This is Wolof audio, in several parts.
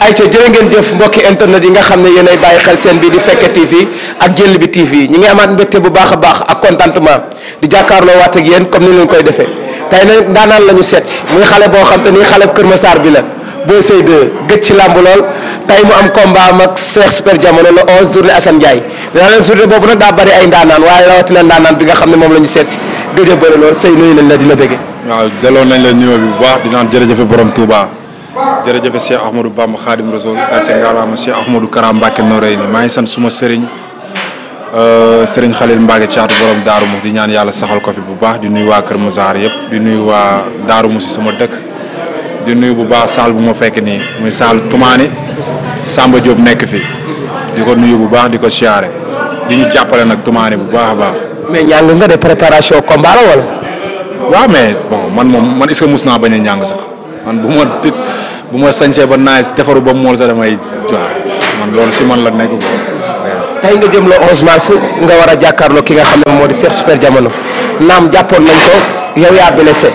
ay ca jërë ngeen jëf mbokki internet yi nga xam ne yéenay bàyyi xel seen bi di Fekke TV ak Jëll bi TV ñi ngi amaat mbégte bu baax a baax ak contentement di jàkkaarloo waat ak yéen comme ni leen koy defee tey nag daanaan la ñu seet muy xale boo xam te ni xale Kër Massar bi la Boy Seye 2 gëj ci làmb lool tey mu am combat am ak Cheikh Super Diamono le 11 journée Assane Ndiaye dinaa leen journée boobu nag daa bari ay ndaanaan waaye rawatina ndaanaan bi nga xam ne moom la ñu seet si gëj a bëri lool Seye nuyu nañ la nañ la nuyoo bi bu baax di naan jërëjëf Cheikh Ahmadou Bamba Khadim Rasoul gàcce ngaalaama Cheikh Ahmadou Kara Mbacké Noreyni maa ngi sant suma sëriñ euh, sëriñ Khalil Mbacké caatu borom Daaru Muxti di ñaan yàlla saxal ko fi bu baax di nuyu waa Kër Massar yëpp di nuyu waa Daaru si sama dëkk di nuyu bu baax saal bu ma fekk nii muy saal Tumaani Samba Diop nekk fi di ko nuyu bu baax di ko siyaare di ñu jàppale nag Tumaani bu baax a baax. mais ñàng nga de préparation combat la wala. waaw mais man moom man est-ce que mus naa bu ma sañsee ba naaj defaru ba mool sax damay waaw man loolu si man la nekk ko tey nga jëm le 11 mars nga war a jàkkaarloo ki nga xam ne moo di Cheikh Super jamono naam jàppoon nañ ko yow yaa blessé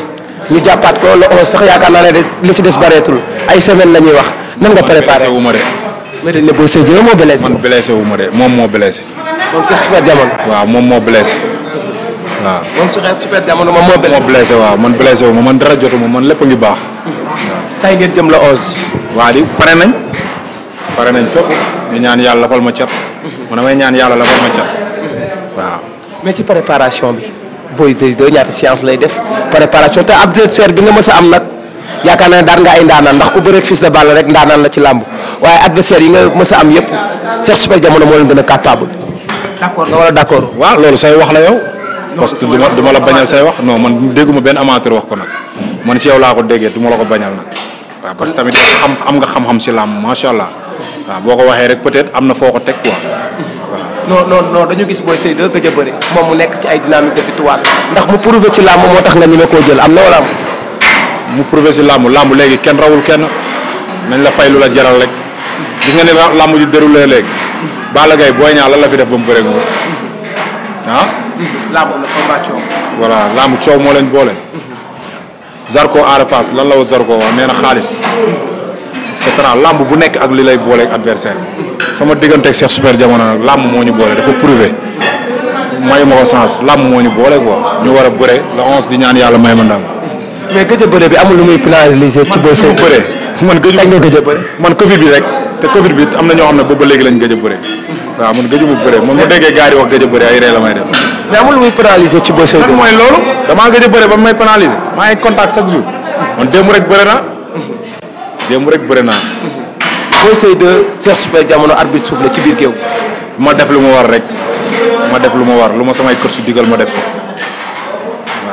ñu jàppaat ko le 11 sax yaakaar naa ne de li ci des bareetul ay semaine la ñuy wax nan nga préparé wu ma de mais dañ ne boo see jëlee moo blessé man blessé wu ma de moom moo blessé moom Cheikh Super Diamono waaw moom moo blessé waaw moom Cheikh Super Diamono moom moo blessé waaw man blessé wu ma man dara jotu ma man lépp ngi baax tey ngeen jëm la Oz. waa di pare nañ pare nañ fépp ñu ñaan yàlla lafal ma cat. Mhm. na may ñaan yàlla la ma cat mhm. waa mais ci préparation bi. Boy 2 ñaata séance lay def préparation te adversaire bi nga mës am nag yaakaar na daan nga ay ndaanaan ndax ku bëreeg Fils de Balla rek ndaanaan la ci làmb waaye adversaire yi nga mës a am yëpp Cheikh Super jamono moo leen gën a capable. d'accord nga wala d'accord. waa loolu say wax la yow. parce que du ma la bañ say wax non man dégguma benn amateur wax ko nag. man si yow laa ko déggee duma la ko bañal nag waaw parce tamit xam am nga xam-xam si làmb macha allah waaw boo ko waxee rek peut-être am na foo ko teg quoi waaw. non non non dañu gis Boy Seye 2 gëj a bëri moom mu nekk ci ay dynamique de victoire ndax mu prouvé ci làmb moo tax nga ñeme koo jël am na wala am. mu prouvé si làmb làmb léegi kenn rawul kenn nañ la fay lu la jaral rek gis nga ne làmb ju déroulé léegi. Balla Gaye Boy Niang lan la fi def ba mu bëree moom ah. làmb la combat moo leen boole. Zarko Ada Fass lan la wa Zarko wax nee na xaalis et cetera làmb bu nekk ak li lay booleeg adversaire sama digganteeg Cheikh Super jamono nag làmb moo ñu boole dafa prouvé may ma ko sens làmb moo ñu boole quoi ñu war a bëre la onze di ñaan yàlla may ma ndam. mais gëj bëre bi amul lu muy pénaliser ci booy bëre man bëre man Covid bi rek te na ñoo xam ne ba ba léegi lañ gëj a bëre waaw man gëjuma bëre man ma déggee wax gëj a bëre ay ree la may def. mais amul muy pénaliser ci bës. lan mooy loolu damaa gëj a bëre ba may pénaliser maa ngi contact chaque jour. man démb rek bëre naa. démb rek bëre naa. Boy Seye de Super jamono arbitre suuf la ci biir géew. ma def lu ma war rek ma def lu ma war lu ma samay kër su digal ma def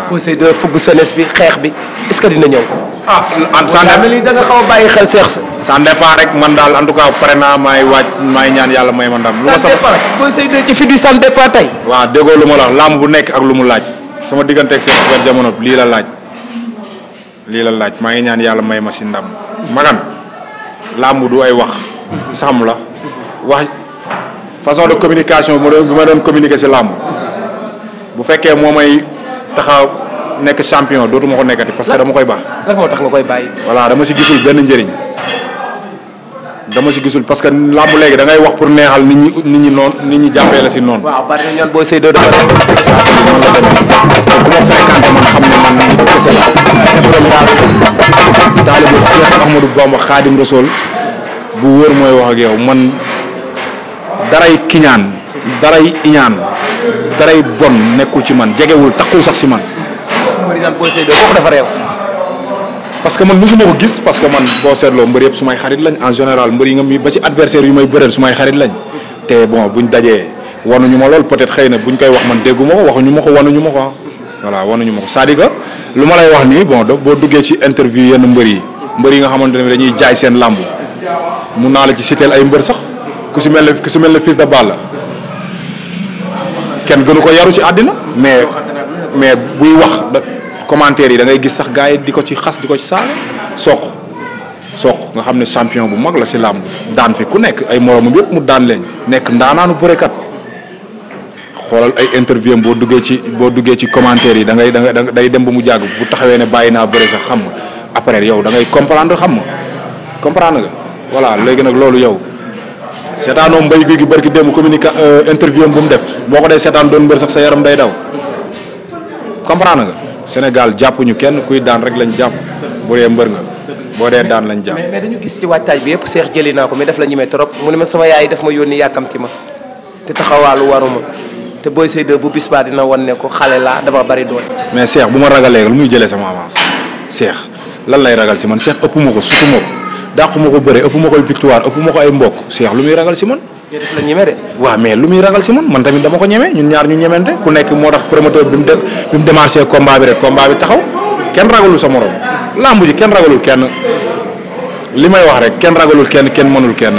Boy Seye de fugg senes bi xeex bi est que dina ñëw. ah en a bàyyi xel seex. ça dépend rek man daal en tout cas pare naa maay waaj maay ñaan yàlla may ma ndam. lu ma sama Boy Seye de ci fi du ça dépend tey. waaw déggoo lu ma la làmb bu nekk ak lu mu laaj sama digganteeg Cheikh Super jamono lii la laaj lii la laaj maa ngi ñaan yàlla may ma si ndam magan làmb du ay wax sàmm la wax façon de communication bi ma doon bi ma doon communiquer si làmb bu fekkee moo may taxaw nekk champion dootuma ko nekkati parce que dama koy baax. lan koy bàyyi. voilà dama ci gisul benn njëriñ dama si gisul parce que làmb léegi dangay wax pour neexal nit ñi nit ñi noonu nit ñi jàppee la si noon waaw bari na ñoom booy say doo dafa dem. exactement bu ma fréquenté man xam ne man nit kese la. borom Xaadim Rasool bu wóor mooy wax ak yow man daray kiñaan daray iñaan daray bon nekkul ci man jegewul taxul sax si man. mbër naan booy sëy doo ko parce que man mosuma ko gis parce que man boo seetloo mbër yëpp su xarit lañ en général mbër yi nga mi ba ci adversaire yu may bëreel su may xarit te bon bu buñ dajee ñu ma lool peut-être xëy na bu buñ koy wax man déggu ma ko waxuñu ma ko wanuñu ma ko ah. voilà wanuñu ma ko c'est-à-dire lu ma lay wax nii bon boo duggee ci interview yenn mbër yi mbër yi nga xamante ne dañuy jaay seen làmb mun naa la ci siteel ay mbër sax ku si mel ne ku si mel ne Fils de Balla kenn gënu ko yaru ci àddina mais mais buy wax da commentaire yi da ngay gis sax gars yi di ko ci xas di ko ci saaga soq soq nga xam ne champion bu mag la si làmb daan fi ku nekk ay moromam yëpp mu daan leen nekk ndaanaanu kat xoolal ay interview boo duggee ci boo duggee ci commentaire yi da ngay da ngay day dem ba mu jàgg bu taxawee ne bàyyi naa bëre sax xam nga après yow dangay comprendre xam nga comprendre nga léegi nag loolu yow. seetaanoo mbay guy gi barki dem communiqué euh, interview bu mu def boo ko dee seetaan doon mbër sax sa yaram day daw comprendre nga Sénégal jàppuñu kenn kuy daan rek lañ jàpp bu dee mbër nga boo dee daan lañ jàpp. mais gis ci waajtaaj bi yëpp seex jëli naa ko mais daf la ñemee trop mu ne ma sama yaay def ma yónni yàkkamti ma te taxawaalu waruma te booy say bu bis baa dina wan ne ko xale laa dama bari doon. mais seex bu ma ragalee lu muy jëlee sama avance seex lan lay ragal si man seex ëppuma ko sutu ma ko dàqu ma ko bëre ëpp ma koy victoire ëpp ma ko ay mbokk Cheikh lu muy ragal si man. waaw mais lu muy ragal si man man tamit dama ko ñeme ñun ñaar ñu ñemante ku nekk moo tax promoteur bi mu de bi mu démarché combat bi rek combat bi taxaw kenn ragalul sa morom làmb ji kenn ragalul kenn li may wax rek kenn ragalul kenn kenn mënul kenn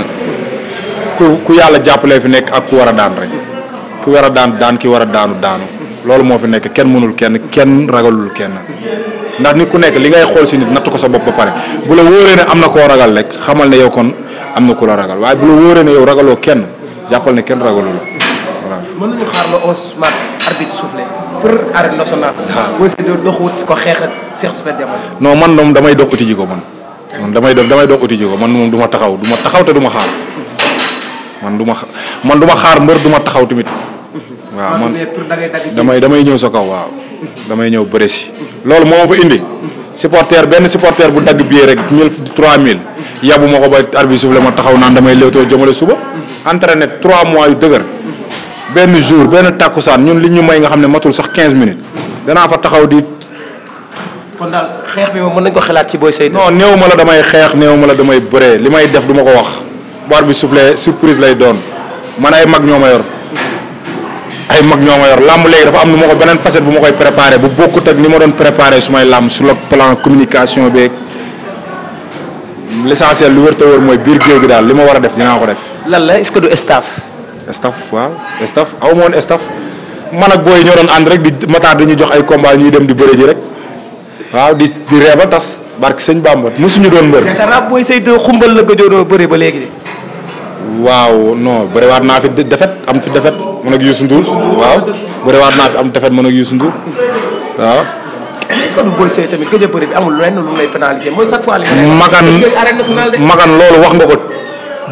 ku ku yàlla jàppalee fi nekk ak ku war a daan rek ku war daan daan ki war a daanu daanu loolu moo fi nekk kenn mënul kenn kenn ragalul kenn. ndax nit ku nekk li ngay xool si nit natt ko sa bopp ba pare bu la wóoree ne am na koo ragal rek xamal ne yow kon am na ku la ragal waaye bu la wóoree ne yow ragaloo kenn jàppal ne kenn ragalu la voilà. mën nañu xaar le 11 mars arbitre soufflé pour ko xeex ak Cheikh Super Diamane. non man moom damay dox uti ji ko man. man damay dox damay dox uti ko man moom du ma taxaw du ma taxaw te du ma xaar man du ma man du ma xaar mbër du ma taxaw tamit. waaw man damay damay ñëw sa kaw waaw. damay ñëw bëre si. loolu moo ma fa indi. supporter benn supporter bu dagg billet rek mille trois mille. yabu ma ko ba arbitre soufflé ma taxaw naan damay léewtoo jëmale suba. entraîné trois mois yu dëgër. benn jour benn tàkku tàkkusaan ñun li ñu may nga xam ne matul sax quinze minutes. danaa fa taxaw di. kon daal xeex bi moom mën nañu ko xalaat ci Boy Seydi. non néew ma la damay xeex néew ma la damay bëree li may def du ma ko wax. bu arbitre soufflé surprise lay doon man ay mag ñoo ma yor. ay mag ñoo ma yor làmb léegi dafa am nu ma ko beneen facette bu ma koy préparé bu bokkut ak ni ma doon préparé su may làmb sur le plan communication beeg l'essentiel lu wër wër mooy biir géew gi daal li ma war a def dinaa ko def. lan la est-ce que du staff. staff waaw staff aw ma woon man ak booy ñoo doon ànd rek di mataar dañuy jox ay combat ñuy dem di bëre ji rek waaw di di reeba tas barki sëñ Bàmba mosuñu doon mbër. te rab booy say deux xumbal la gëjoonoo ba léegi. waaw non bëriwaat naa fi defet am fi defet man ak Youssou Ndour waaw bëriwaat naa fi am defet man ak Youssou Ndour waaw. est-ce que du Boy Seye tamit gëj a bëri bi amul lenn lu lay pénaliser mooy chaque fois. li magan loolu wax nga ko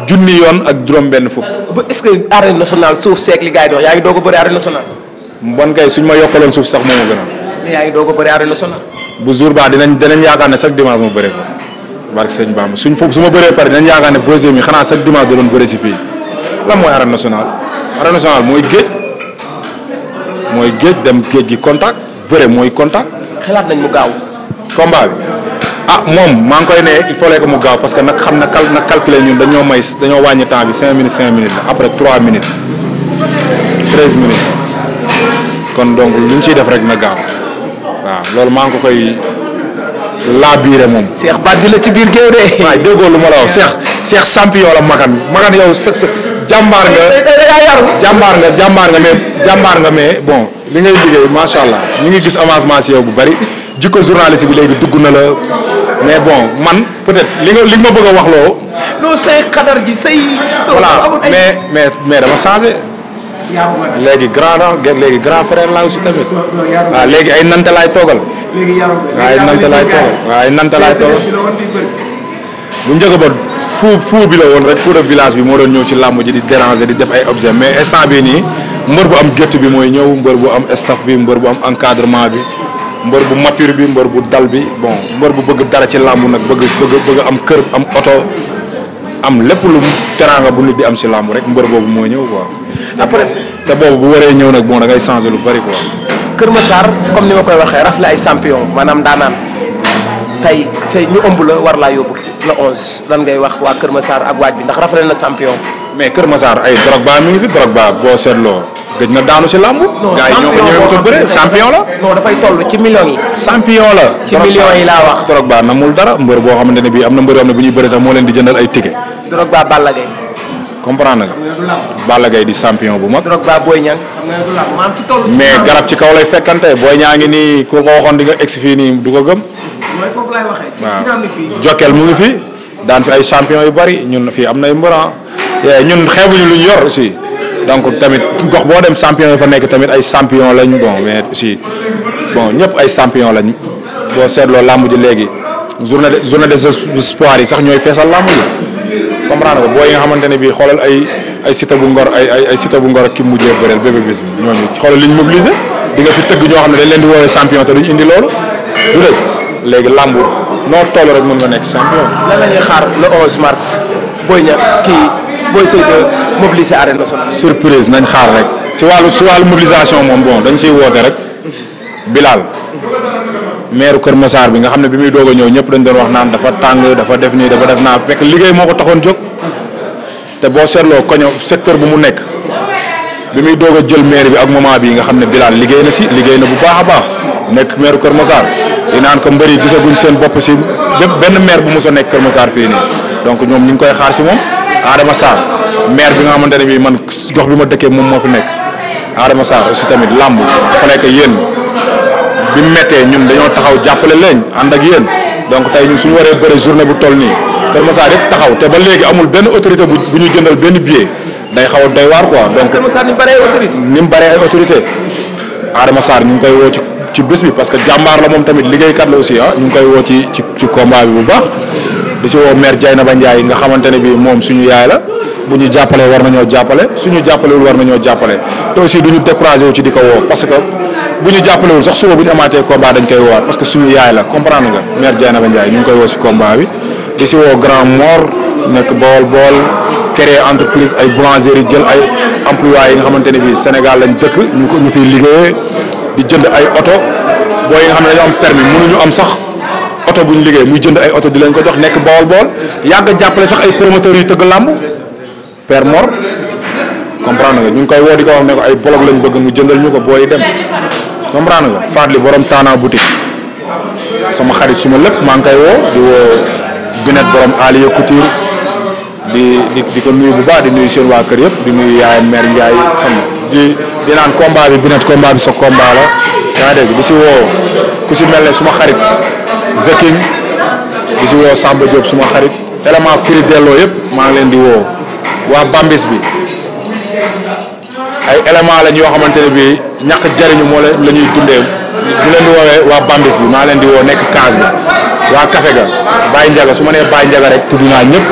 junni yoon ak juróom-benn fukk. ba est-ce que arène nationale suuf seeg li gars yi doo wax yaa ngi doog a bëri arène nationale. bon kay suñ ma yokkaloon suuf sax moo ma gënal. yaa ngi doog a bëri arène nationale. bu jour ba dinañ dinañ yaakaar ne chaque dimanche mu bëri ko. barke sëñ Bamba suñ foofu su ma bëree pare dañ yaakaar ne Boy Seye mi xanaa chaque dimanche da doon bëre si fii lan mooy arène nationale arène nationale mooy géej mooy géej dem géej gi contact bëre mooy contact. xalaat nañ mu gaaw. combat bi ah moom maa ngi koy ne il faut ko mu gaaw parce que nag xam na cal na calculer ñun dañoo may dañoo wàññi temps bi cinq minutes cinq minutes la après trois minutes treize minutes kon donc lu ñu ciy def rek na gaaw waaw loolu maa ngi ko laa biire moom. Cheikh Badji la ci biir géew de. déggoo lu ma la wax seex Cheikh champion la Makan Makan yow jàmbaar nga. jàmbaar nga jàmbaar nga mais jàmbaar nga mais bon li ngay liggéey macha allah ñu ngi gis avancement si yow bu bari jikko journaliste bi léegi dugg na la mais bon man peut-être li nga li nga ma bëgg a wax loo. non say xadar ji say. voilà mais mais mais dama changé. léegi grand léegi grand frère laa aussi tamit. waaw léegi ay nante laay toogal. léegi yaroo ko waaye nanta laay toll waaye nanta laay toll bu njëkk ba fu fu bi la woon rek fu de village bi moo doon ñëw ci làmb ji di déranger di def ay objet mais instant bi nii mbër bu am gétt bi mooy ñëw mbër bu am staff bi mbër bu am encadrement bi mbër bu mature bi mbër bu dal bi bon mbër bu bëgg dara ci làmb nag bëgg bëgg am kër am oto am lépp lu teraanga bu nit di am si làmb rek mbër boobu moo ñëw quoi. te boobu bu waree ñëw nag bon da ngay changer lu bari quoi. Kër Massar comme ni ma koy waxee raf la ay champion maanaam daanaan tey say ñu ëmb la war laa yóbbu la 11 lan ngay wax waa Kër saar ak waaj bi ndax rafet na champion. mais Kër Massar ay Drogba mi ngi fi Drogba boo seetloo gëj na daanu si làmb. non gaa yi ñoo ko ñëwee ko bëre champion la. non dafay toll ci millions yi. champion la. ci millions yi laa wax. Drogba namul dara mbër boo xamante ne bii am na mbër yoo xam ne bu ñuy bëre sax moo leen di jëndal comprendre nag Balla gay di champion bu mag. Drogba mais garab ci kaw lay fekkante Boy ñaa ngi nii ku ko waxoon di nga egsi fii nii du ko gëm. mooy mu ngi fi. daan fi ay champion yu bari ñun fii am na ay mbër ah. eh, ñun xeebuñu luñ yor aussi donc tamit gox boo dem champion yi fa nekk tamit ay champion lañ bon mais aussi bon ñëpp ay champion lañ boo seetloo làmb ji léegi journée journée des espoirs yi sax ñooy feesal làmb ji. comprendre nga boo yi nga xamante ne bii xoolal ay ay Siteu bu Ngor ay ay ay Siteu bu Ngor ak ki mujjee bëreel Bébé Bis bi ñooñu xoolal liñ mobilisé di fi tëgg ñoo xam ne dañ leen di woowee champion te duñ indi loolu du dëgg léegi làmb noo toll rek mën nga nekk champion. lan la ñuy xaar le 11 mars booy ña kii booy sëy de mobiliser arène nationale. surprise nañ xaar rek si wàllu si wàllu mobilisation moom bon dañ siy woote rek bilaal maire Kër Massar bi nga xam ne bi muy doog a ñëw ñëpp dañ doon wax naan dafa tàng dafa def nii dafa def naa fekk liggéey moo ko taxoon jóg te boo seetloo koño secteur bi mu nekk bi muy doog a jël maire bi ak moment bi nga xam ne Bilal liggéey na si liggéey na bu baax a baax nekk maire Kër Massar di naan ko mbëri gisaguñ seen bopp si bépp benn maire bu mos a nekk Kër Massar fii nii donc ñoom ñu ngi koy xaar si moom Adama Sarr maire bi nga xamante ne bii man jox bi ma dëkkee moom moo fi nekk Adama Sarr aussi tamit làmb dafa nekk yéen bi mu méttee ñun dañoo taxaw jàppale leen ànd ak yéen donc tey ñun suñu waree bëre journée bu toll nii Kër Massar yëpp taxaw te ba léegi amul benn autorité bu bu ñu jëndal benn billet day xaw a doy waar ko donc Kër Massar ni mu bëree ay autorité mu bëree autorité Adama Sarr ñu ngi koy woo ci bis bés bi parce que jàmbaar la moom tamit liggéeykat la aussi ah ñu ngi koy woo ci ci ci combat bi bu baax di si woo na Dieynaba Ndiaye nga xamante ne bii moom suñu yaay la. bu ñu jàppalee war nañoo jàppale suñu jàppalewul war nañoo jàppale aussi du ñu wu ci di ko woo parce bu ñu jàppalewul sax suba bu ñu amaatee combat dañ koy woowaat parce que suñu yaay la comprendre nga mère Dieynaba Ndiaye ñu ngi koy woo si combat bi di si woo Grand Mor nekk bool bool créer entreprise ay boulangerie jël ay employés yi nga xamante ne bii Sénégal lañ dëkk ñu ko ñu fiy liggéeyee di jënd ay oto boo yi nga xam ne dañoo am permis mënuñu am sax oto bu ñu liggéey muy jënd ay oto di lañ ko jox nekk bool bool yàgg jàppale sax ay promoteurs yu tëgg làmb Père Mor comprendre nga ñu ngi koy woo di ko wax ne ay blog lañ bëgg mu jëndal ñu ko booy dem comprendre nga Fadli borom Tana boutique sama xarit suma lépp maa ngi koy woo di woo Binet borom Aliou Couture di di ko nuyu bu baax di nuyu seen waa kër yëpp di nuyu yaayam mère Ndiaye xam di naan combat bi Binet combat bi sa combat la yaa dégg di si woo ku si mel ne suma xarit Zeking di si woo Samba Diop suma xarit élément firi delloo yëpp maa ngi leen di woo waa Bambis bi. ay éléments lañ yoo xamante ne bii ñàkk jariñu moo la ñuy dundee leen di woowee waa bambis bi maa leen di woo nekk case bi waa kafe ga Baye Ndiaga su ma nee Baye Ndiaga rek tudd naa ñëpp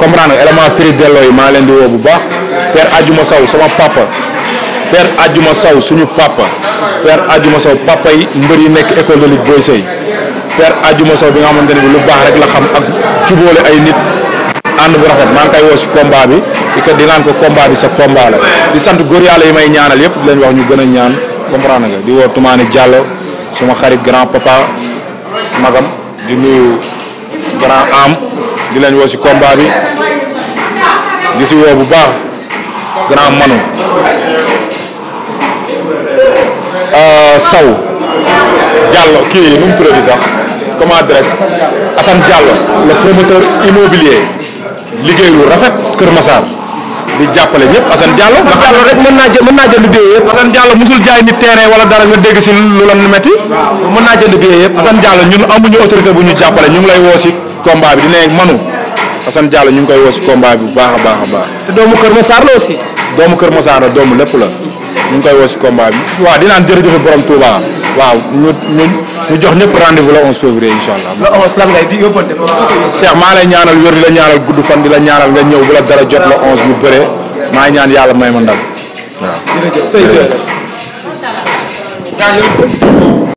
comprendre nga élément firi delloo yi maa leen di woo bu baax père Adjuma Sow sama papa père Adjuma Sow suñu papa père Adjuma Sow papa yi mbër yi nekk école de lutte Boy Sey père Adjuma bi nga xamante ne bi lu baax rek la xam ak jubóole ay nit ànd bu rafet maa ngi woo si combat bi di ko di naan ko combat bi sa combat la di sant góor yàlla yi may ñaanal yëpp di leen wax ñu gën a ñaan comprendre nga di woo Toumani Diallo suma xarit grand papa magam di nuyu grand am di leen woo si combat bi di si woo bu baax grand manu euh, saw Diallo kii nu mu tuddati sax comment adresse Assane Diallo le promoteur immobilier liggéey lu rafet Kër Massar di jàppale ñëpp Assane Diallo. nga rek mën naa jë mën naa jënd billet yëpp. Assane Diallo musul jaay nit terrain wala dara nga dégg si lu la metti. waaw mën naa jënd billet yëpp. Assane Diallo ñun amuñu autorité bu ñu jàppale ñu ngi lay woo si combat bi di ne manu Assane jàll ñu ngi koy woo si combat bi bu baax baax a baax. te doomu Kër Massar la aussi. doomu Kër Massar la doomu lépp la ñu ngi koy woo si combat bi. waaw dinaan jërëjëf borom Touba waaw ñu ñu ñu jox ñëpp rendez-vous la 11 février incha allah. le 11 lan ngay maa lay ñaanal wér di la ñaanal gudd fan di la ñaanal nga ñëw bu la dara jot la 11 bu bëree maa ñaan yàlla may ma ndam waaw.